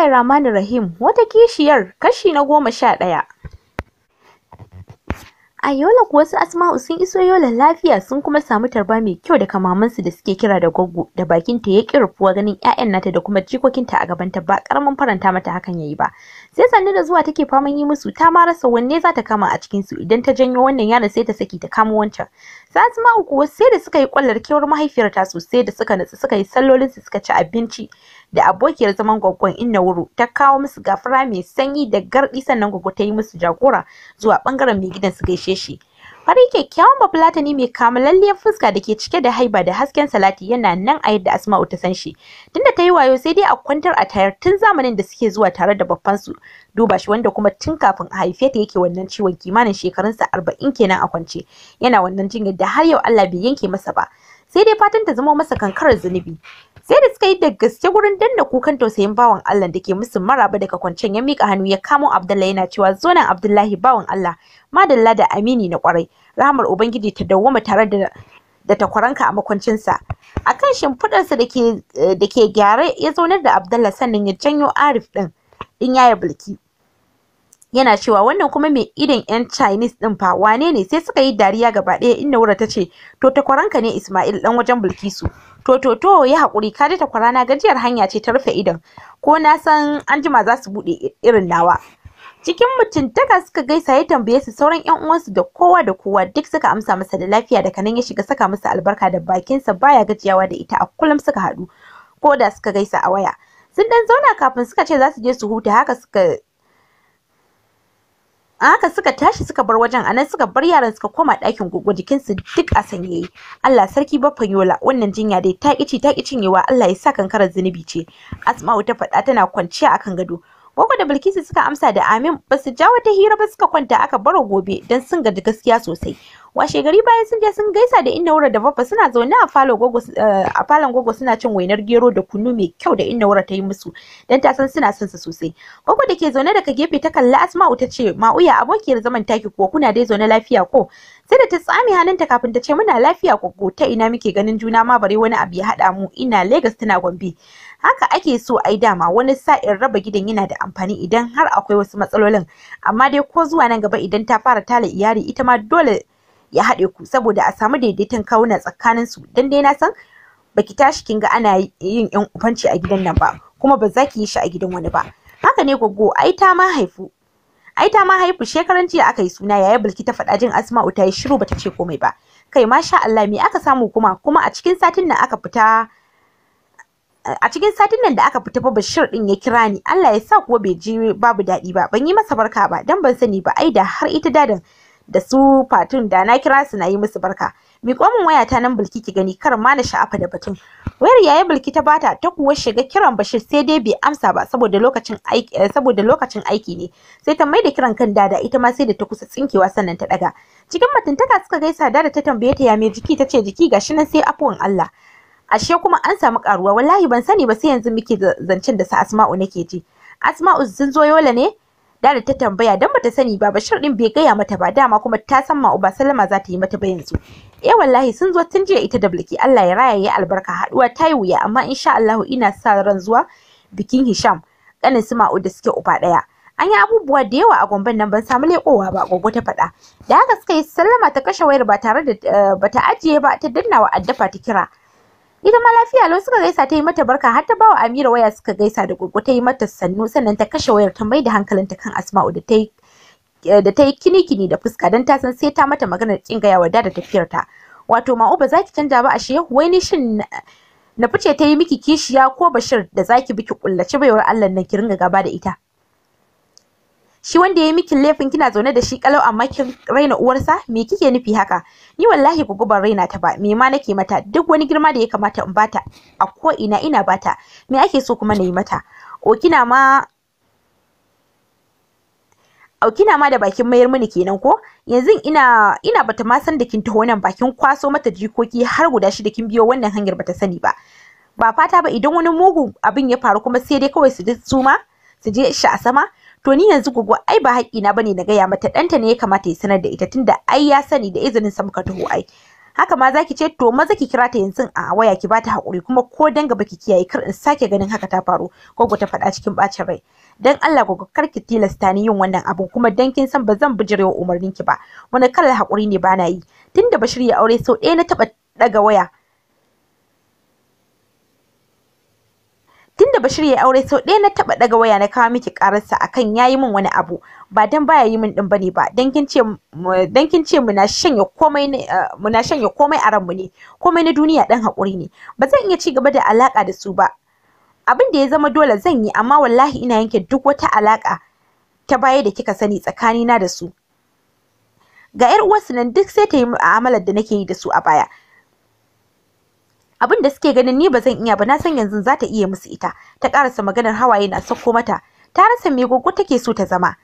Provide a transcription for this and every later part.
Bismillahir Rahmanir Rahim wata kishiyar kashi na goma sha ɗaya. A Yola wasu su Asma'u sun iso Yola lafiya sun kuma samu tarba mai kyau daga mamansu da suke kira da gwaggo da bakinta ya ƙirfuwa ganin 'ya'yan nata da kuma jikokinta a gabanta ba ƙaramin faranta mata hakan yayi ba. sai sannu da zuwa take faman yi musu ta ma rasa wanne za ta kama a cikin su idan ta janyo wannan yaron sai ta saki ta kama wancan ma uku sai da suka yi kwallar kewar mahaifiyar ta sosai da suka natsu suka yi sallolin su suka ci abinci da abokiyar zaman gwaggon inna wuro ta kawo musu gafara mai sanyi da gardi sannan gwaggo ta yi musu jagora zuwa bangaren mai gidan su gaishe shi fari kyakkyawan ne mai kama lalliyar fuska da ke cike da haiba da hasken salati yana nan a yadda asma'u ta san shi tunda ta yi wayo sai dai a kwantar a tayar tun zamanin da suke zuwa tare da su duba shi wanda kuma tun kafin a haife ta yake wannan ciwon kimanin shekarunsa arba'in kenan a kwance yana wannan jinyar da har yau allah bai yanke masa ba sai dai fatan ta zama masa kankarar zunubi sai da suka yi da gaske gurin danna kukan tausayin bawan Allah da ke musu maraba daga kwancen ya mika hannu ya kamo Abdullahi yana cewa zonan Abdullahi bawan Allah madalla da amini na kwarai rahamar ubangiji ta dawwama tare da da takwaranka a makwancinsa a kan shimfiɗarsa da ke eh, gyare ya zaunar da Abdullahi sannan ya janyo Arif ɗin in yaya bulki yana cewa wannan kuma mai idan yan Chinese din fa wane ne sai suka yi dariya gaba ɗaya inda wura ta ce to takwaranka ne Ismail dan wajen Bilkisu to to to ya hakuri ka ji takwarana gajiyar hanya ce ta rufe idan ko na san an jima za su buɗe irin nawa cikin taka suka gaisa ya tambaye su sauran yan uwansu da kowa da kowa duk suka amsa masa da lafiya da kanan ya shiga saka masa albarka da bakinsa baya gajiyawa da ita a kullum suka haɗu ko da suka gaisa a waya sun dan zauna kafin suka ce za su je su huta haka suka a haka suka tashi suka bar wajen anan suka bar yaran suka koma ɗakin gugu jikinsu duk a sanye Allah sarki baffan yola wannan jinya dai ta ƙici ta yawa Allah ya sa kankarar zunubi ce Asma'u ta faɗa tana kwanciya akan gado boko da Bilkisu suka amsa da amin ba su ja wata hira ba suka kwanta aka baro gobe don sun gaji gaskiya sosai. Washe gari bayan sun je sun gaisa da Inna da Baffa suna zaune a falon gogo eh, a falon gogo suna cin wainar gero da kunu mai kyau da Inna ta yi musu dan ta san suna son su sosai. Gogo da ke zaune daga gefe ta kalla Asma'u ta ce Ma'uya abokiyar zaman taki kuwa kuna dai zaune lafiya ko? Sai da ta tsami hannunta kafin ta ce muna lafiya ko ta ina muke ganin juna ma bare wani abu ya hada mu ina Lagos tana Gombe. haka ake so ai dama wani sa'in raba gidan yana da amfani idan har akwai wasu matsalolin amma dai ko zuwa nan gaba idan ta fara tala iyali ita ma dole ya haɗe ku saboda a samu daidaiton kauna tsakanin su dan dai na san baki tashi kin ga ana yin yan ufanci a gidan nan ba kuma ba za ki yi shi a gidan wani ba haka ne goggo ai ta ma haifu ai ta ma haifu shekaran jiya aka yi suna yaya bilki ta faɗa jin asma'u ta yi shiru bata ce komai ba kai ma sha Allah me aka samu kuma kuma a cikin satin nan aka fita a cikin satin nan da aka fita fa Bashir din ya kira ni Allah ya sa kuwa bai ji babu daɗi ba ban yi masa barka ba dan ban sani ba ai da har ita dadin da su fatun da na kira su na yi musu barka mi waya ta nan bulki ki gani kar ma na sha'afa da batun wayar yayi bulki ta bata ta kuwa shiga kiran Bashir sai dai bai amsa ba saboda lokacin aiki eh, saboda lokacin aiki ne sai ta mai da kiran kan dada ita ma sai da ta kusa tsinkewa sannan ta daga cikin mutuntaka suka gaisa dada ta tambaye ta ya me jiki tace jiki gashi nan sai afuwan Allah ashe kuma an samu karuwa wallahi ban sani ba sai yanzu muke zancen da sa Asma'u nake ji Asma'u sun zo yola ne da ta tambaya dan bata sani ba Bashir din bai gaya mata ba dama kuma ta san ma Uba Salama za ta yi mata ba yanzu eh wallahi sun zo tun jiya ita da bulki Allah ya raya ya albarka haduwa ta yi wuya amma insha Allah ina sa ran zuwa bikin Hisham kanin su Ma'u da suke uba daya an yi abubuwa da yawa a gomban nan ban samu lekowa ba gogo ta faɗa da haka suka yi sallama ta kashe wayar ba tare da eh, bata ajiye ba ta danna wa addafa ta kira ita ma lafiya lau suka gaisa ta yi mata barka har ta bawa Amira waya suka gaisa da gogo ta yi mata sannu sannan ta kashe wayar ta mai da hankalinta kan Asma'u da ta yi eh, da ta yi kini-kini da fuska don ta san sai ta mata maganar kin gaya wadda da tafiyar ta wato ma'u ba zaki ki canja ba ashe wai ni shin na fice ta yi miki kishiya ko bashir da zaki biki kullace baiwar Allah nan ki ringa gaba da ita shi wanda yayi miki laifin kina zaune da shi kalau amma kin raina uwarsa me kike nufi haka ni wallahi ku gubar raina ta ba me ma nake mata duk wani girma da ya kamata in bata a ko ina ina bata me ake so kuma na yi mata o kina ma aukina ma da bakin mayar mini kenan ko yanzu ina ina bata ma san da kin taho nan bakin kwaso mata jikoki har guda shi da kin biyo wannan hanyar bata sani ba ba fata ba idan wani mugu abin ya faru kuma sai dai kawai su ma su je shi a sama to ni yanzu gugu ai ba haƙƙi na bane na gaya mata ɗanta ne ya kamata ya sanar da ita tunda ai ya sani da izinin sa muka taho ai haka ma zaki ce to maza ki kira ta yanzu a waya ki bata haƙuri kuma ko dan gaba ki kiyaye kar in sake ganin haka ta faru gogo ta faɗa cikin bacin rai dan Allah gogo kar ki tilasta ni yin wannan abu kuma dan kin san ba zan bijirewa umarnin ki ba wani kalar haƙuri ne bana yi tunda ba ya aure sau ɗaya na taɓa ɗaga waya tunda Bashir ya aure sau ɗaya na taɓa ɗaga waya na kawo miki ƙararsa akan yi min wani abu ba dan baya yi min ɗin bane ba dan kin ce kin ce muna shanya komai eh, muna shanya komai a ranmu ne komai na duniya ɗan haƙuri ne ba zan iya ci gaba da alaƙa da su ba abin da ya zama dole zan yi amma wallahi ina yanke duk wata alaƙa ta baya da kika sani tsakanina da su ga yar uwarsu nan duk sai ta yi mu'amalar da nake yi da su a baya abin da suke ganin ni ba zan iya ba na san yanzu za ta iya musu ita ta karasa maganar hawaye na sauko mata ta rasa me gogo take so ta zama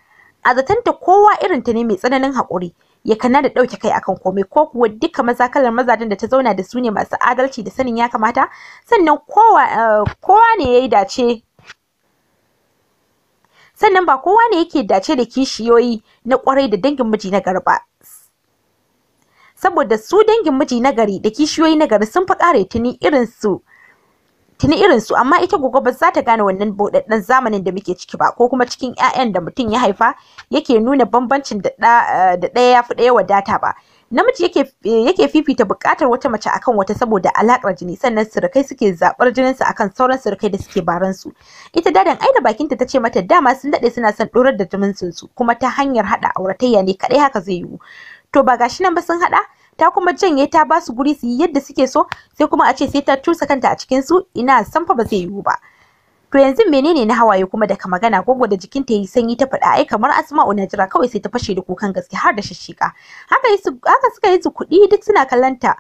a zatanta kowa irin ta ne mai tsananin haƙuri ya kana da ɗauke kai akan komai ko kuwa duka maza kalar mazajen da ta zauna da su ne masu adalci da sanin ya kamata sannan kowa eh, kowa ne yayi dace sannan ba kowa ne yake dace da kishiyoyi na kwarai da dangin miji na garba saboda su dangin miji na gari da kishiyoyi na gari sun fi kare tuni irin su tuni irin su amma ita gogo ba za ta gane wannan bodaddan zamanin da muke ciki ba ko kuma cikin ƴaƴan da mutum ya haifa yake nuna bambancin da eh, da ɗaya ya fi ɗaya wadata ba namiji yake eh, yake fifita buƙatar wata mace akan wata saboda alaƙar jini sannan surukai suke zaɓar su akan sauran surukai da suke baran su ita dadan aida bakinta ta ce mata dama sun daɗe suna son ɗorar da jiminsu su kuma ta hanyar haɗa auratayya ne kaɗai haka zai yiwu to ba gashi nan ba sun haɗa ta kuma janye ta ba su guri su yi yadda suke so sai kuma a ce sai ta tusa kanta a cikin su ina san fa ba zai yiwu ba to yanzu menene na hawaye kuma daga magana gwagwa da jikinta yayi sanyi ta faɗa ai kamar asma'u na jira kawai sai ta fashe da kukan gaske har da shishika haka yi haka suka yi su kuɗi duk suna kallanta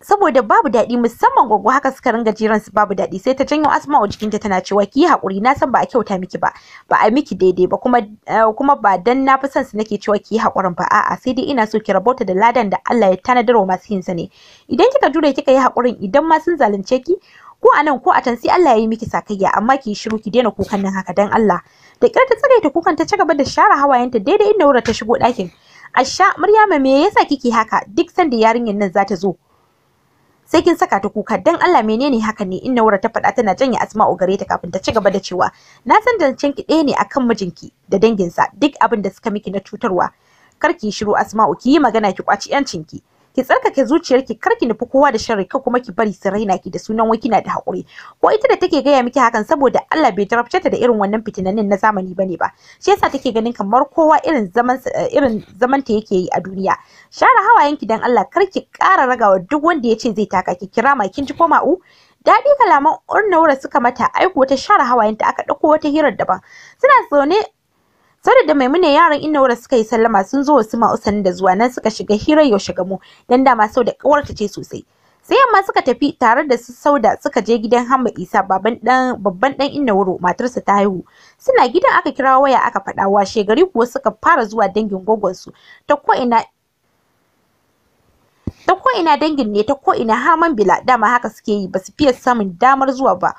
saboda babu daɗi musamman gwaggo haka suka ringa jiran su babu daɗi sai ta janyo asma'u jikinta tana cewa ki yi haƙuri na san ba a kyauta miki ba ba a miki daidai ba kuma eh, kuma ba dan na fi son su nake cewa ki yi haƙurin ba a'a sai dai ina so ki rabota da ladan da Allah ya tanadar wa masu yin sa ne idan kika jure kika yi haƙurin idan ma sun zalunce ki ko a nan ko a can sai Allah ya yi miki sakayya amma ki shiru ki daina kukan nan haka dan Allah da tsare ta kukan ta ci gaba da share hawayenta daidai inda wura ta shigo ɗakin Asha Maryama me yasa kike haka duk sanda yarinyar nan za ta zo sai kin saka ta kuka dan Allah menene haka ne inna wura ta faɗa tana janye asma'u gare ta kafin ta ci gaba da cewa na san dancen ki ɗaya ne akan mijinki da dangin sa duk abin da suka miki na cutarwa kar ki shiru asma'u ki yi magana ki kwaci yancin ki ki tsarkake zuciyarki kar ki nufi kowa da sharri ka kuma ki bari su raina ki da sunan wai kina da haƙuri ko ita da take gaya miki hakan saboda Allah bai tarabce ta da irin wannan fitinannin na zamani bane ba shi yasa take ganin kamar kowa irin zaman eh, irin zaman ta yake yi a duniya share hawayen ki dan Allah kar ki ƙara ragawa duk wanda ya ce zai taka ki kira ma kin ji ko u! daɗi kalaman wura suka mata aiko ta share hawayen ta aka ɗauko wata hirar daban suna zaune Sada da Maimuna yaran Innawar suka yi sallama sun zo wasu ma'usanin da zuwa nan suka shiga hirar yaushe gamo dan dama sau da kawarta ce sosai. Sai amma suka tafi tare da su sauda suka je gidan Hamma Isa baban dan babban dan Innawar matarsa ta haihu. Suna gidan aka kira waya aka faɗa wa gari kuwa suka fara zuwa dangin gogonsu ta ko ina ta ko'ina dangin ne ta ko'ina har bila dama haka suke yi ba su fiye samun damar zuwa ba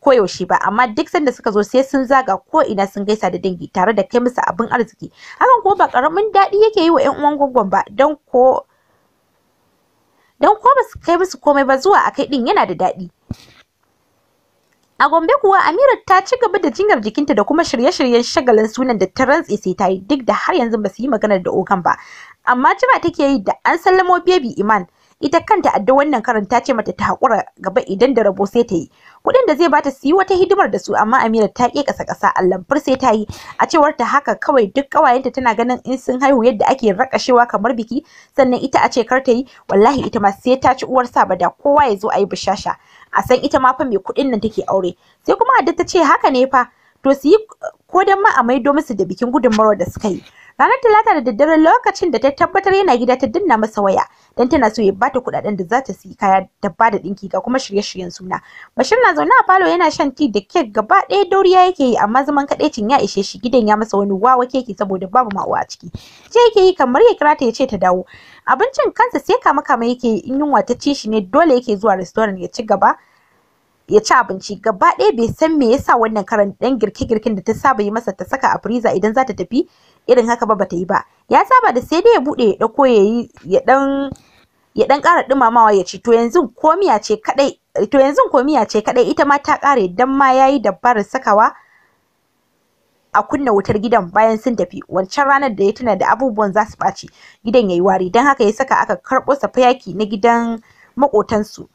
koyaushe ba amma duk sanda suka zo sai sun zaga ko ina sun gaisa da dangi tare da kai musu abin arziki hakan ko ba karamin daɗi yake yi wa ƴan uwan gwaggon ba dan ko dan ko ba su kai musu komai ba zuwa akai din yana da daɗi A Gombe kuwa Amira ta ci gaba da jingar jikinta da kuma shirye-shiryen shagalin sunan da ta rantse sai ta yi duk da har yanzu ba su yi magana da okan ba. Amma jira take yi da an sallamo Baby Iman ita kanta adda wannan karanta ce mata ta haƙura gaba idan da rabo sai ta yi. kuɗin da zai bata su yi wata hidimar da su amma Amira ta ƙi ƙasa ƙasa allamfar sai ta yi a cewar ta haka kawai duk ƙawayenta tana ganin in sun haihu yadda ake rakashewa kamar biki sannan ita a ce kar ta yi wallahi ita ma sai ta ci uwar sa ba da, kowa ya zo a yi bishasha a san ita ma fa mai kuɗin nan take aure sai kuma Adda ta ce haka ne fa to su yi ko dan ma a maido musu da bikin gudunmawar da suka yi ranar talata da daddare lokacin da ta tabbatar yana gida ta danna masa waya Dan tana so ya bata kudaden da za ta siyi kaya da dinki ga kuma shirye-shiryen suna bashir na zaune a falo yana shan ti da kek gaba ɗaya dauriya yake yi amma zaman kadaicin ya ishe shi gidan ya masa wani wawa keke saboda babu ma'uwa a ciki ce yake yi kamar ya kira ta ya ce ta dawo abincin kansa sai kama kama yake yi, in yunwa ta ci shi ne dole yake zuwa restaurant ya ci gaba ya ci abinci gaba ɗaya bai san me yasa wannan karan ɗan girke-girken da ta saba yi masa ta saka a firiza idan za ta tafi irin haka ba bata yi ba ya saba da sai dai ya buɗe ya dauko ya yi ya dan ya ɗan ƙara dumamawa ya ci to yanzu ko miya ce kaɗai to yanzu ko miya ce kadai ita ma ta kare dan ma yayi dabarar sakawa a kunna wutar gidan bayan sun tafi wancan ranar da ya tuna da abubuwan za su ɓaci gidan ya yi wari don haka ya saka aka karɓo safayaki na gidan maƙotansu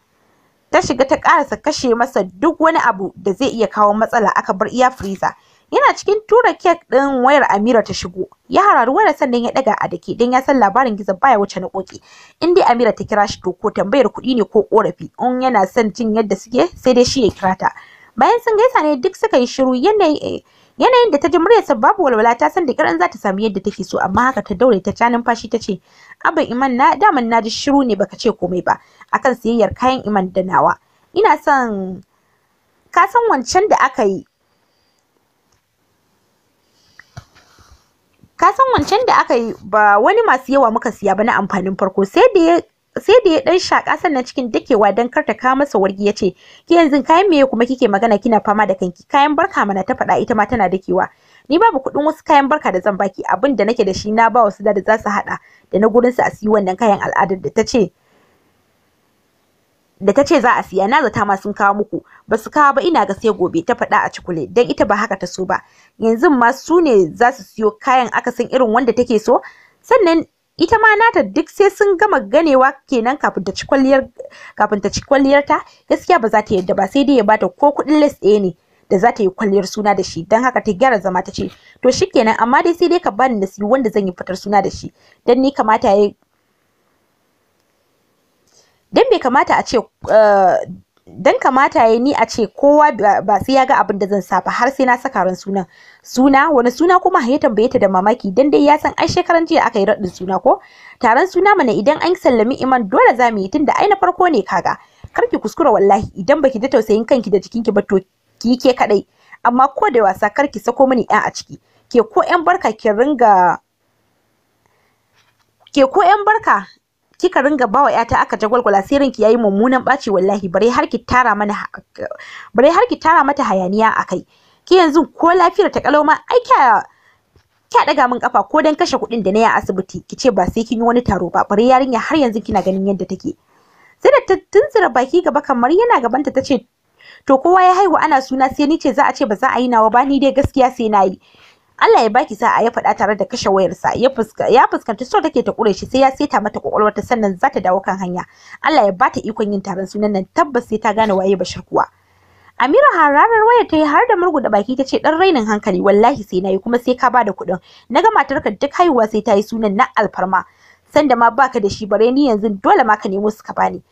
ta shiga ta karasa kashe masa duk wani abu da zai iya kawo matsala aka bar iya freezer yana cikin tura kek din wayar Amira ta shigo ya hararu wayar sannan ya daga a dake dan ya san labarin gizo baya wuce na koki in dai Amira ta kira shi to ko tambayar kuɗi ne ko korafi in yana son jin yadda suke sai dai shi ya kira ta bayan sun gaisa ne duk suka yi shiru yanayi eh, yanayin da ta ji muryarsa babu walwala ta san da kiran za ta samu yadda take so amma haka ta daure ta canin fashi ta ce abin iman na daman na ji shiru ne baka ce komai ba akan siyayyar kayan iman da nawa ina son ka san wancan da aka yi ka san wancan da aka yi ba wani masu yawa muka siya ba na amfanin farko sai da ya sai da ya dan shaka sannan cikin dakewa dan kar ta kawo masa wargi ya ce ki yanzu kayan meye kuma kike magana kina fama da kanki kayan barka mana ta faɗa ita ma tana dakewa ni babu kuɗin wasu kayan barka da zan baki abin da nake da shi na ba wasu da za su haɗa da na gurin su a siyi wannan kayan al'adar da ta ce da ta za a siya na zata ma sun kawo muku ba su kawo ba ina ga sai gobe ta faɗa a cikule dan ita ba haka ta so ba yanzu ma su ne za su siyo kayan aka san irin wanda take so sannan ita ma nata duk sai sun gama ganewa kenan kafin ta ci kwalliyar kafin ta ci kwalliyar gaskiya ba za ta yadda ba sai dai ya bata ko kuɗin les ɗaya ne da za ta yi kwalliyar suna da shi don haka ta gyara zama ta ce to shi kenan amma dai sai dai ka bani nasi wanda zan yi fitar suna da shi don ni kamata ya dan bai kamata a ce eh, dan kamata ya ni a ce kowa ba sai ya ga abin da zan safa har sai na saka ran sunan suna wani suna kuma ya tambaye ta da mamaki dan dai ya san ai shekaran jiya aka yi raɗin suna ko taron suna mana idan an sallami iman dole za mu yi tunda ai na farko ne kaga karki kuskura wallahi idan baki da tausayin kanki da jikinki ba to ki ke kadai amma ko da wasa kar ki sako mini ɗan a ciki ke ko yan barka ki ringa ke ko yan barka kika ringa bawa yata aka jagwalgwala sai rinki yayi mummunan baci wallahi bare har ki tara mana bare har ki tara mata hayaniya akai ki yanzu ko lafiyar ta kalau ma ai kya kya daga min kafa ko dan kashe kuɗin da na yi asibiti ki ce ba sai kin yi wani taro ba bare yarinya har yanzu kina ganin yadda take sai da baki gaba kamar yana gabanta ta ce to kowa ya haihu ana suna sai ni ce za a ce ba za a yi nawa ba ni dai gaskiya sai na yi Allah ya baki sa'a ya faɗa tare da kashe wayarsa ya fuska ya fuskanci so take ta kure shi sai ya seta mata ta sannan za ta dawo kan hanya Allah ya bata ikon yin taron sunan nan tabbas sai ta gane waye Bashir kuwa Amira hararar wayar ta yi har da murgu da baki ta ce dan rainin hankali wallahi sai nayi kuma sai ka bada kuɗin naga matarka duk haihuwa sai ta yi sunan na alfarma sanda ma baka da shi bare ni yanzu dole ma ka nemo su ka bani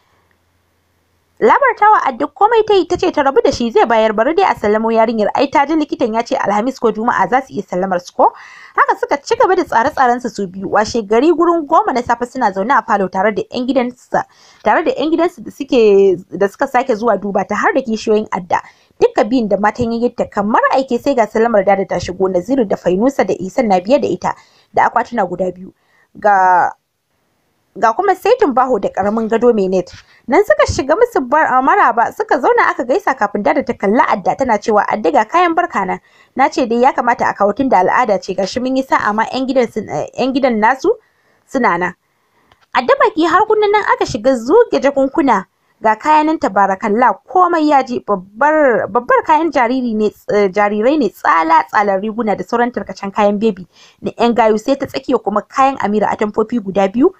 labartawa addu komai ta yi ta ce ta rabu da shi zai bayar bari dai a sallamo yarinyar ai ta ji likitan ya ce alhamis ko juma'a za su iya sallamar su ko haka suka ci gaba da tsare-tsaren su su biyu washe gari gurin goma na safe suna zaune a falo tare da yan gidansu tare da yan gidansu da suke da suka sake zuwa duba ta har da kishiyoyin adda duka biyun da matan ta kamar aike sai ga sallamar da ta shigo naziru da fainusa da isan na biye da ita da akwatuna guda biyu ga ga kuma saitin baho da karamin gado mai net nan suka shiga musu bar a ah, maraba suka zauna aka gaisa kafin dada ta kalla adda tana cewa adda ga kayan barka na na ce dai ya kamata a kawo tun da al'ada ce gashi mun yi sa ma yan gidan yan eh, gidan nasu suna nan adda baki har kunnan nan aka shiga zuge jakunkuna ga kayanin tabarakalla komai ya babbar babbar kayan jariri ne eh, jarirai ne tsala tsalar riguna da sauran tarkacen kayan bebi na yan gayu sai ta tsakiya kuma kayan amira a atamfofi guda biyu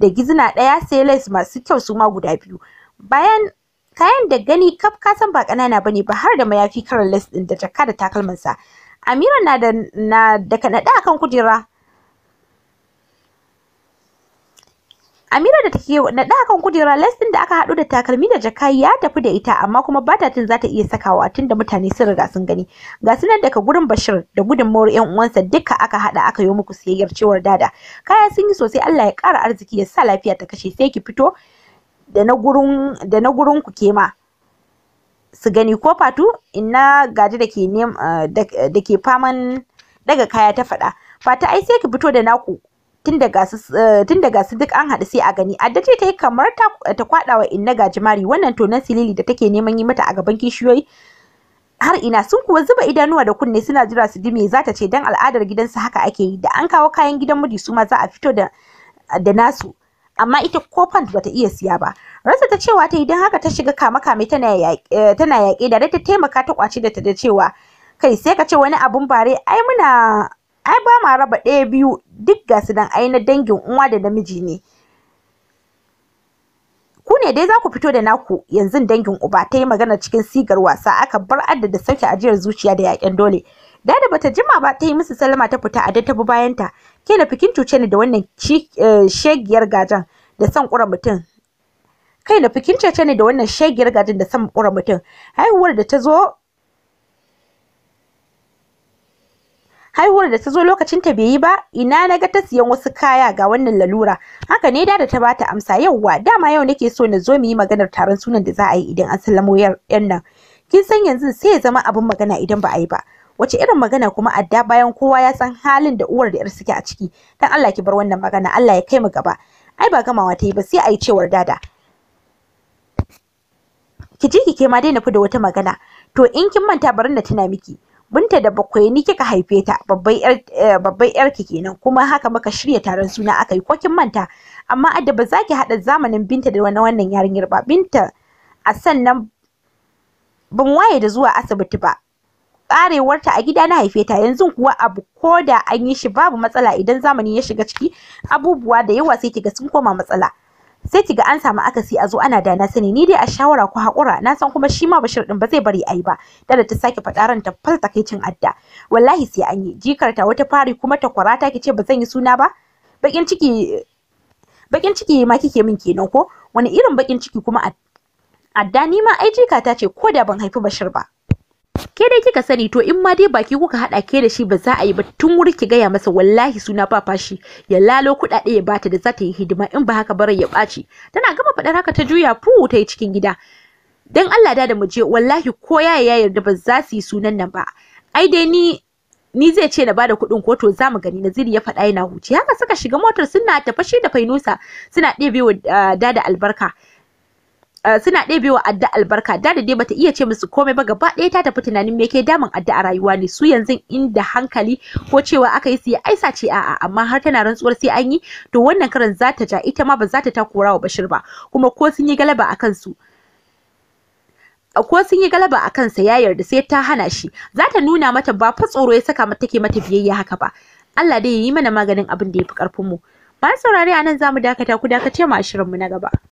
da gizina, ɗaya sai lace masu kyau su ma guda biyu bayan kayan da gani kaf kasan ba ƙanana bane ba har da mayafi karan lace ɗin da jaka da takalmansa amira na da na da kanada akan kujera Amira da take naɗa kan kujera les ɗin da aka haɗu da takalmi da jaka ya tafi da ita amma kuma ba ta tun za ta iya sakawa tunda mutane sun riga sun gani. Ga sunan daga gurin Bashir da gudunmawar 'yan uwansa duka aka haɗa aka yi muku siyayyar cewar dada. Kaya sun yi sosai Allah ya kara arziki ya sa lafiya ta kashe sai ki fito da na gurin da na gurin ku kema. Su gani ko fatu ina gaji da ke eh, da ke faman daga kaya ta faɗa. Fata ai sai ki fito da naku tun da gasu eh, duk an haɗu sai a gani adda ce ta yi kamar ta kwaɗa wa inna gajimari wannan tonon silili da take neman yi mata a gaban kishiyoyi har ina sun kuwa zuba idanuwa da kunne suna jira su ji me za ta ce dan al'adar gidansu haka ake yi da an kawo kayan gidan miji su ma za a fito da nasu amma ita ko pant bata iya siya ba rasa ta cewa ta idan haka ta shiga kama kame tana yaƙe eh, tana yaƙe da ta taimaka ta kwace da ta da cewa kai sai ka ce wani abun bare ai muna ai ba ma raba ɗaya biyu duk ga su nan ai na dangin uwa da namiji ne ku ne dai za ku fito da naku yanzu dangin uba ta yi magana cikin sigar wasa aka bar adda da sauke ajiyar zuciya da yaƙen dole dada bata jima ba ta yi musu salama ta fita a ta bi bayanta ke na eh, fikin cuce ni da wannan shegiyar gajan da san ƙura mutum kai na fikin cece ne da wannan shegiyar gajin da san ƙura mutum haihuwar da ta zo haihuwar da ta zo lokacin ta bai yi ba ina na ga ta siyan wasu kaya ga wannan lalura haka ne da da ta bata amsa yauwa dama yau nake so na zo mu yi maganar taron sunan da za a yi idan an sallamo yan nan kin san yanzu sai ya zama abin magana idan ba a yi ba wace irin magana kuma adda bayan kowa ya san halin da uwar da yar suke a ciki dan Allah ki bar wannan magana Allah ya kai mu gaba ai ba gamawa ta yi ba sai a yi cewar dada ki je ki ke ma dai na fi da wata magana to in kin manta barin na tuna miki binta da bakwai ni kika haife ta eh, babbar yarki kenan kuma haka muka shirya taron suna aka yi kokin manta amma adda ba za ki haɗa zamanin binta da wani wannan yarinyar ba binta a sannan ban waye da zuwa asibiti ba ƙarewarta a gida na haife ta yanzu kuwa abu ko da an yi shi babu matsala idan zamani ya shiga ciki abubuwa da yawa sai kiga sun koma matsala sai kiga an samu akasi a zo ana da na sani ni dai a shawara ku haƙura na san kuma shi ma Bashir din ba zai bari ai ba dala ta sake faɗa ran ta fal takaicin adda wallahi sai an yi jikarta wata fari kuma ta kwarata kice ba zan yi suna ba bakin ciki bakin ciki ma kike min kenan ko wani irin bakin ciki kuma adda ni ma ai jikata ce ko da ban haifi Bashir ba ke dai kika sani to in ma dai baki kuka hada ke da shi ba za a yi ba tun wuri ki gaya masa wallahi suna ba fashi ya lalo kudade ya bata da za yi hidima in ba haka barai ya baci. tana gama faɗar haka ta juya fu ta yi cikin gida dan Allah da mu je wallahi ko yaya ya yarda ba za su yi sunan nan ba ai dai ni ni zai ce na bada kuɗin ko to zamu gani Naziri ya faɗa yana huce haka suka shiga motar suna tafashi da Fainusa suna ɗebe wa ah, dada albarka Eh, suna ɗebe wa adda albarka da dai bata iya ce musu komai ba gaba ɗaya ta tafi tunanin me ke damun adda a rayuwa ne su yanzu inda hankali ko cewa aka yi su ya aisa ce a'a amma har tana rantsuwar sai an yi to wannan karan za ta ja ita ma ba za ta takura wa bashir ba kuma ko sun yi galaba a kansu ko sun yi galaba a kansa ya yarda sai ta hana shi za ta nuna mata ba fa tsoro ya saka mata take mata biyayya haka ba Allah dai ya yi mana maganin abin da ya fi karfin mu ba saurare a nan za mu dakata ku dakace mu a mu na gaba